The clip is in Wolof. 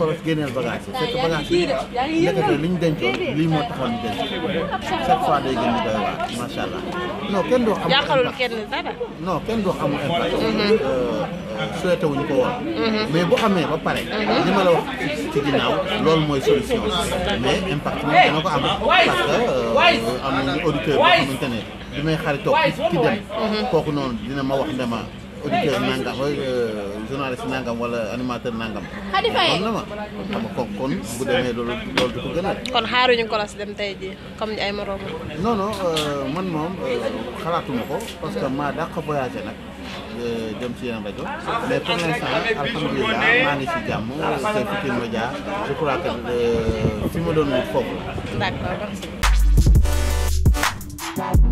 koros génneel bagage yi fekk bagage yi nekkate li ñu dencoon lii moo taxoon denc chaque fois day gën di doy waar macha allah non kenn doo xamul yàqalul kenn dara non kenn doo xamul impact mhm. euh, souhaité ko woon mhm. mais bu amee ba pare mhm. li ma la wax ci ginnaaw loolu mooy solution mais impact moom dana ko am parce euh, am nañu auditeur boo xamante ne bi may xaritoo ki dem kooku noonu dina ma wax ndema auditeur nangam euh, journaliste nangam wala animateur nangam. xadi fay na ma xam nga kon bu demee loolu loolu du ko gënal. kon xaaruñu ko la si dem tey jii comme ay moroom. non euh, man moom euh, xalaatuma ko parce que ma dàq voyagé nag. jëm ci yeneen rajo mais pour l'instant alhamdulilah maa ngi ci jàmm c'est Futurs Médias je crois que fi ma doon wut foofu la.